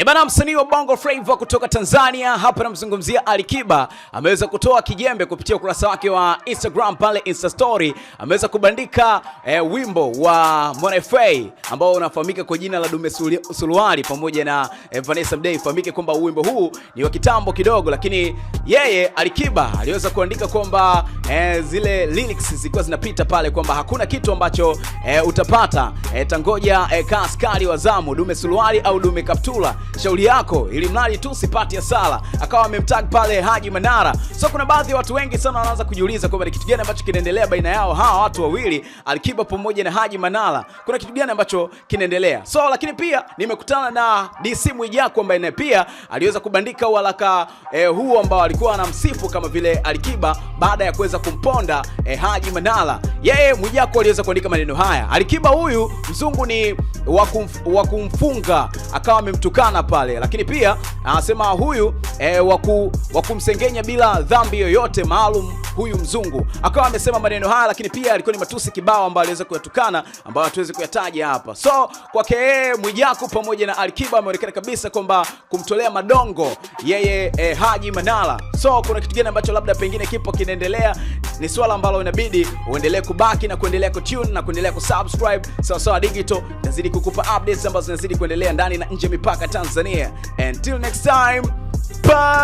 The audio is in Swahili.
Ebana, msanii wa Bongo Flava kutoka Tanzania hapa namzungumzia Alikiba ameweza kutoa kijembe kupitia ukurasa wake wa Instagram pale Insta story, ameweza kubandika e, wimbo wa Mwana ambao unafahamika kwa jina la Dume Suluari pamoja na e, Vanessa Mdee. Ifahamike kwamba wimbo huu ni wa kitambo kidogo, lakini yeye Alikiba aliweza kuandika kwamba e, zile lyrics zilikuwa zinapita pale kwamba hakuna kitu ambacho e, utapata e, tangoja eh, askari wa zamu, dume suluari au dume kaptula shauri yako, ili mradi tu sipati hasara. Akawa amemtag pale Haji Manara. So kuna baadhi ya watu wengi sana wanaanza kujiuliza kwamba ni kitu gani ambacho kinaendelea baina yao hawa watu wawili, Alikiba pamoja na Haji Manara, kuna kitu gani ambacho kinaendelea? So lakini pia nimekutana na DC Mwijaku ambaye naye pia aliweza kubandika uharaka eh, huo ambao alikuwa anamsifu kama vile Alikiba baada ya kuweza kumponda eh, Haji Manara. Yeye Mwijaku aliweza kuandika maneno haya. Alikiba huyu mzungu ni wa kumfunga, akawa amemtukana pale, lakini pia anasema huyu e, waku, wakumsengenya bila dhambi yoyote maalum huyu mzungu akawa amesema maneno haya, lakini pia alikuwa ni matusi kibao ambayo aliweza kuyatukana ambayo hatuwezi kuyataja hapa. So kwake yeye Mwijaku pamoja na alkiba ameonekana kabisa kwamba kumtolea madongo yeye e, Haji manala So kuna kitu gani ambacho labda pengine kipo kinaendelea, ni swala ambalo inabidi uendelee kubaki na kuendelea kutune na kuendelea kusubscribe Sawasawa Digital, nazidi kukupa updates ambazo zinazidi kuendelea ndani na nje mipaka Tanzania. Until next time. Bye.